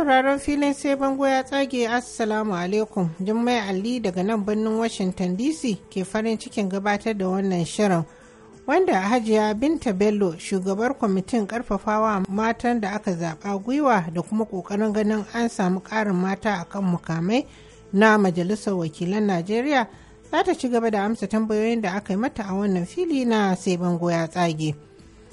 sauraron filin sai bango ya tsage assalamu alaikum jummai ali daga nan birnin washington dc ke farin cikin gabatar da wannan shirin wanda hajiya binta bello shugabar kwamitin karfafawa matan da aka zaba gwiwa da kuma kokarin ganin an samu karin mata a kan mukamai na majalisar wakilan najeriya za ta ci gaba da amsa tambayoyin da aka yi mata a wannan fili na sai bango ya tsage.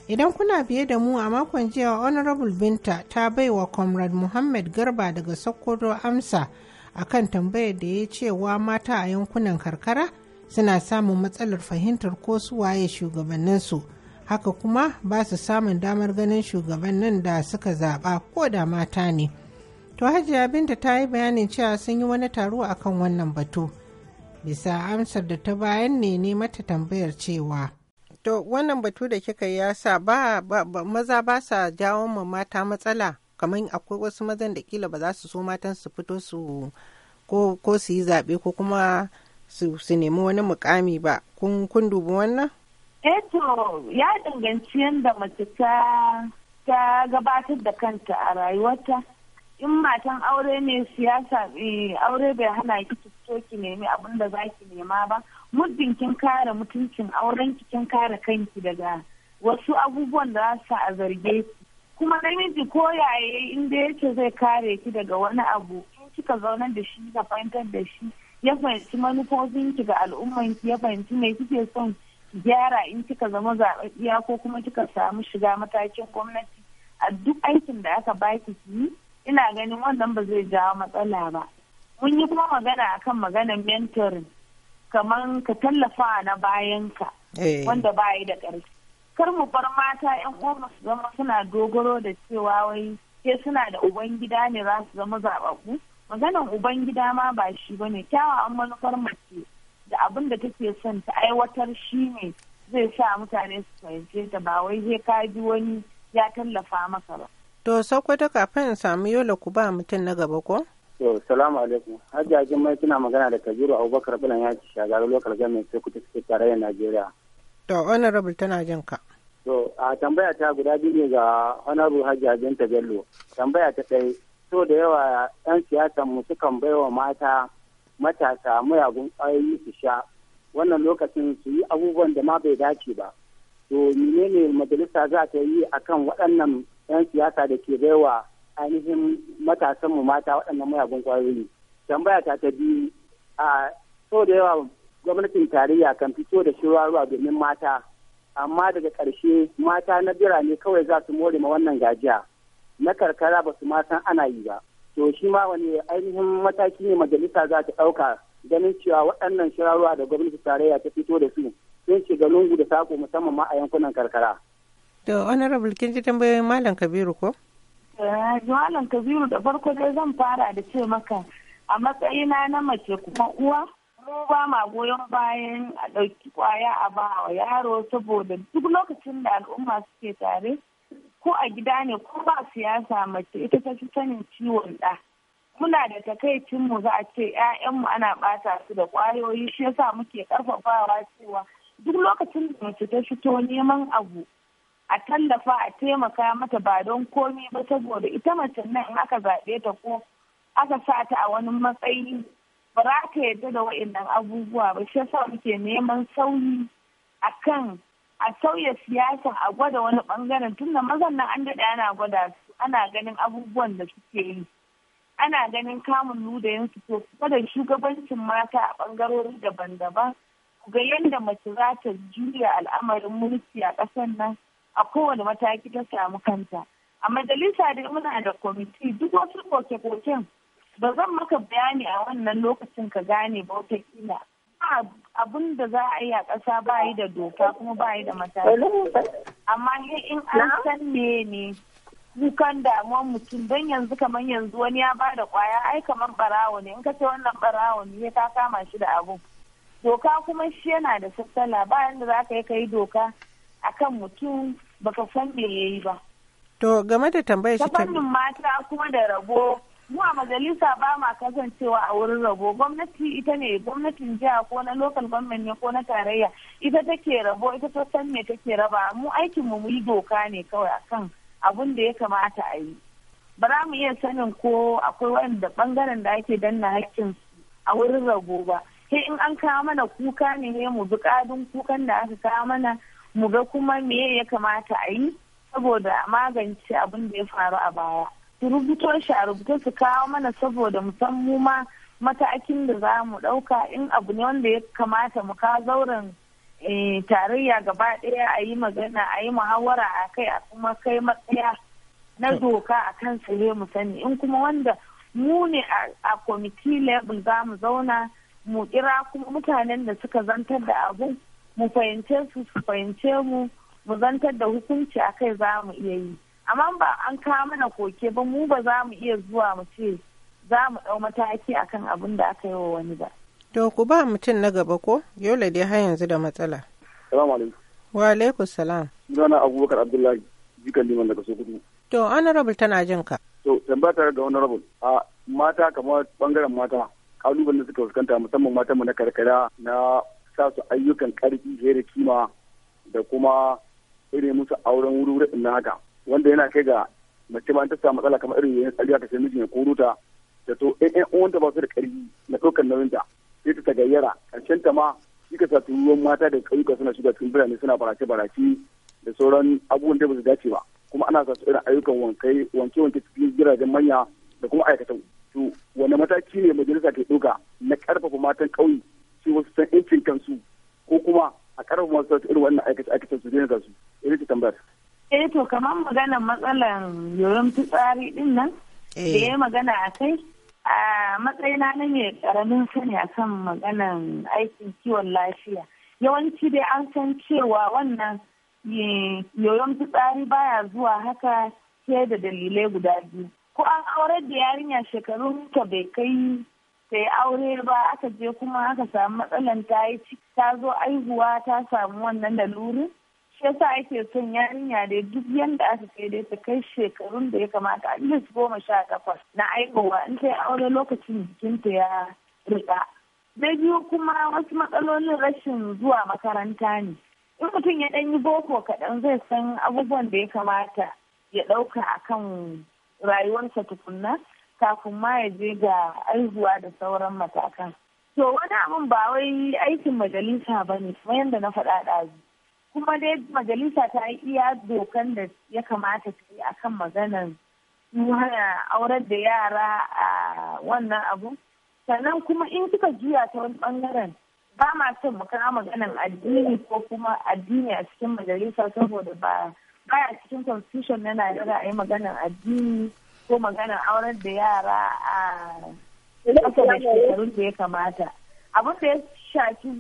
Idan kuna biye da mu a makon jiya Honorable Binta ta baiwa Comrade Muhammad Garba daga Sokoto amsa akan tambayar da ya cewa mata a yankunan karkara suna samun matsalar fahimtar ko su waye shugabanninsu. Haka kuma ba su samun damar ganin shugabannin da suka zaba ko da mata ne. To Hajiya Binta ta yi bayanin cewa sun yi wani taro akan wannan batu. Bisa amsar da ta bayan ne ne mata tambayar cewa. To wannan batu da kika yi ya sa ba, maza ba sa jawo ma mata matsala kamar akwai wasu mazan da kila ba za su so matan su fito su ko su yi zaɓe ko kuma su nemi wani mukami ba kun kun dubi wannan? Eto eh ya danganci yadda mace ta gabatar da kanta a rayuwarta. in matan aure ne siyasa eh, aure bai hana ki fito ki nemi abin da za ki nema ba muddin kin kare mutuncin auren ki kin kare kanki daga wasu abubuwan da su a zarge ki kuma namiji ko yaye inda yake zai kare ki daga wani abu in kika zauna da shi ka fahimtar da shi ya fahimci manufofin ki ga al'umman ki ya fahimci me kike son gyara in kika zama zaɓaɓɓiya ko kuma kika samu shiga matakin gwamnati a duk aikin da aka baki ki yi ina ganin wannan ba zai jawo matsala ba mun yi kuma magana akan maganar mentoring kamar ka tallafa na bayanka eh. wanda ba yi da ƙarfi kar mu bar mata yan uwa su zama suna dogaro da cewa wai ke suna da ubangida ne za su zama zababbu maganan ubangida ma ba shi ba ne kyawawan manufar mace da abin da take son ta aiwatar shi ne zai sa mutane su fahimce ta ba wai sai ka wani ya tallafa maka ba To ta kafin in samu yola ku ba mutum na gaba ko? To salamu alaikum. Hajji mai suna magana da Kabiru Abubakar Bulan ya ci shagarar lokal gamin sai kuta suke tarayyar Najeriya. To honorable tana jin ka. To a tambaya ta guda biyu ne ga honorable Hajji Ajinta Bello. Tambaya ta ɗaya so da yawa 'yan siyasan mu sukan baiwa mata matasa muyagun ƙwayoyi su sha wannan lokacin su yi abubuwan da ma bai dace ba to menene majalisa za ta yi akan waɗannan 'yan siyasa da ke baiwa ainihin matasan mu mata waɗannan mayagun ƙwayoyi tambaya ta ta biyu a so da yawa gwamnatin tarayya kan fito da shirwa ruwa domin mata amma daga ƙarshe mata na birane kawai za su more ma wannan gajiya na karkara ba su ma san ana yi ba to shi ma wani ainihin mataki ne majalisa za ta ɗauka ganin cewa waɗannan shirarwa da gwamnati tarayya ta fito da su sun shiga lungu da sako musamman ma a yankunan karkara. To honorable kin ji tambayoyin Malam Kabiru ko? Eh, Malam Kabiru da farko dai zan fara da ce maka a matsayina na mace kuma uwa mu ba ma goyon bayan a ɗauki kwaya a ba wa yaro saboda duk lokacin da al'umma suke tare ko a gida ne ko ba siyasa mace ita ta fi sanin ciwon ɗa. Muna da takaicin mu za a ce 'ya'yanmu ana ɓata su da ƙwayoyi shi yasa muke ƙarfafawa cewa duk lokacin da mace ta fito neman abu a tallafa a taimaka mata ba don komi ba saboda ita mace nan in aka zaɓe ta ko aka sa ta a wani matsayi ba za ta yarda da wa'annan abubuwa ba shi yasa muke neman sauyi a kan a sauya siyasa a gwada wani bangaren tun da mazan nan an daɗe ana gwada su ana ganin abubuwan da suke yi ana ganin kamun su to kuma da shugabancin mata a bangarori daban-daban ga yadda mace za ta juya al'amarin mulki a ƙasar nan a kowane mataki ta samu kanta a majalisa dai muna da kwamiti duk wasu koke-koken ba zan maka bayani a wannan lokacin ka gane ba kila. abin da za a yi a ƙasa ba yi da doka kuma ba yi da mataki amma in an san ne ne kukan damuwar mutum don yanzu kamar yanzu wani ya ba da kwaya ai kamar barawo ne in ka ce wannan barawo ne ya ka kama shi da abu doka kuma shi yana da sassala bayan da za ka yi ka yi doka akan mutum baka san me yi ba to game da tambayar shi ta mata kuma da rabo mu a majalisa ba ma kasancewa a wurin rabo gwamnati ita ne gwamnatin jiha ko na lokal government ne ko na tarayya ita take rabo ita ta san me take raba mu aikin mu muyi yi doka ne kawai akan abun da ya kamata a yi ba mu iya sanin ko akwai wanda bangaren da ake danna hakkin a wurin rabo ba sai in an kawo mana kuka ne mu bi kadin kukan da aka kawo mana mu ga kuma me ya kamata a yi saboda magance abin da ya faru a baya su rubuto shi a rubuta su kawo mana saboda mu san mu ma matakin da za mu ɗauka in abu ne wanda ya kamata mu kawo zauren eh, tarayya gaba ɗaya a yi magana a yi muhawara a kai a kuma kai matsaya na doka a kan ne mu sani in kuma wanda mu ne a committee level za mu zauna mu kira kuma mutanen da suka zantar da abu. mu fahimce su su fahimce mu mu zantar da hukunci a kai za mu iya yi amma ba an kawo mana koke ba mu ba za mu iya zuwa mu ce za mu ɗau mataki akan abin da aka yi wa wani ba. To ku ba mutum na gaba ko yola dai har yanzu da matsala. Salamu alaikum. Wa alaikum salam. zana Abubakar Abdullahi jikan liman daga Sokoto. To honorable tana jin ka. To tambaya tare da honorable a mata kamar bangaren mata kalubalen da suka fuskanta musamman matan mu na karkara na sa su ayyukan karfi fiye da kima da kuma irin musu auren wuri na haka wanda yana kai ga mace ma ta samu matsala kamar irin yayin tsariya ta sai ya koro ta da to ɗan uwanta ba su da karfi na ɗaukar nauyin ta sai ta tagayyara ƙarshen ta ma shi ka sa turuwan mata da ƙauyuka suna shiga cikin birane suna barace barace da sauran abubuwan da ba su dace ba kuma ana sa su irin ayyukan wanke wanke cikin jiragen manya da kuma aikata to wani mataki ne majalisa ke ɗauka na ƙarfafa matan ƙauye kamar maganar matsalan yoyon fitsari din nan da eh. ya magana a kai a matsayina na mai karamin sani a kan maganan aikin kiwon lafiya yawanci dai an san cewa wannan yoyon fitsari baya zuwa haka sai da dalilai guda biyu ko an aurar da yarinya shekaru ta bai kai sai aure ba aka je kuma aka samu matsalan ta yi ta zo aihuwa ta samu wannan lalurin shi yasa ake son yarinya da duk yanda aka kai dai ta kai shekarun da ya kamata a least goma sha takwas na aikowa in ta aure lokacin jikinta ya riƙa na biyu kuma wasu matsalolin rashin zuwa makaranta ne in mutum ya ɗan yi boko kaɗan zai san abubuwan da ya kamata ya ɗauka a kan rayuwarsa tukunna kafin ma ya je ga aihuwa da sauran matakan to wani abin ba wai aikin majalisa ba ne kuma yadda na faɗa ɗazu kuma dai majalisa ta yi iya dokan da ya kamata ta yi akan maganar hana aurar da yara a wannan abu sannan kuma in kika juya ta wani bangaren ba ma son mu kana maganar addini ko kuma addini a cikin majalisa saboda ba baya cikin constitution na Najeriya a yi maganar addini ko maganar aurar da yara a kasa shekarun da ya kamata abin da ya shafi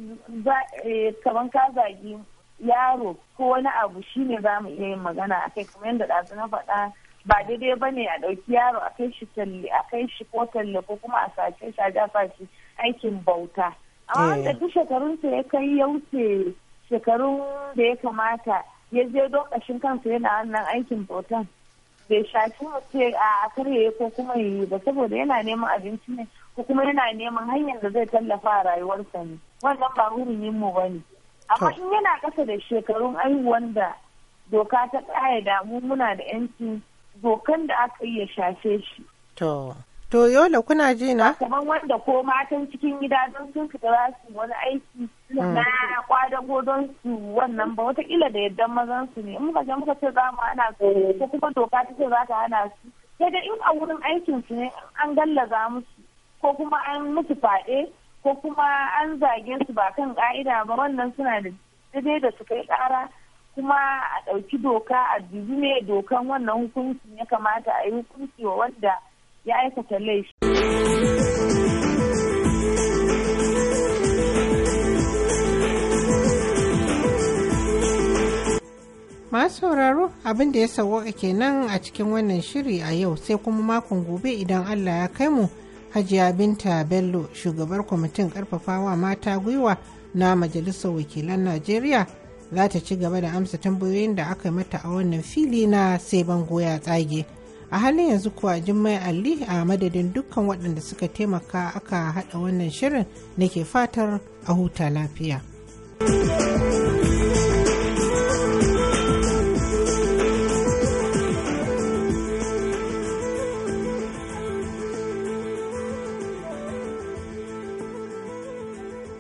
eh, kamar ka zagi yaro ko wani abu shi ne za mu iya yin magana a kai kamar yadda ɗazu na faɗa ba daidai ba ne a ɗauki yaro a kai shi talle a kai shi ko talle ko kuma a sace shi a jafa shi aikin bauta amma eh. da duk shekarunsa ya kai ya wuce shekarun da ya kamata ya je dokashin kansa yana wannan aikin bautan bai shafi mace a karye ko kuma yi ba saboda yana neman abinci ne ko kuma yana neman hanyar da zai tallafa a rayuwarsa ne wannan ba hurumin mu ba ne amma in yana kasa da shekarun aihuwan da doka ta ƙayyada mu muna da yanci dokan da aka iya shafe shi to to yola kuna ji na kamar wanda ko matan cikin gida don sun fita za su wani aiki hmm. na kwadago don su wannan ba wata watakila da yadda mazan su ne in muka je muka ce za mu ana su ko kuma doka ta ce za ta hana su sai dai in a wurin aikin su ne an gallaza musu ko kuma an musu fyaɗe. ko kuma an zage su ba kan ka'ida ba wannan suna da daidai da su kai kara kuma a ɗauki doka a dubi ne dokan wannan hukuncin ya kamata a yi hukunci wa wanda ya aikata laifi. masu sauraro abin da ya sauwaka kenan a cikin wannan shiri a yau sai kuma makon gobe idan allah ya kai mu hajiya binta bello shugabar kwamitin karfafawa mata gwiwa na majalisar wakilan najeriya za ta ci gaba da amsa tambayoyin da aka mata a wannan fili na sai bango ya tsage a halin yanzu kuwa Jummai ali a madadin dukkan waɗanda suka taimaka aka haɗa wannan shirin nake fatar a huta lafiya.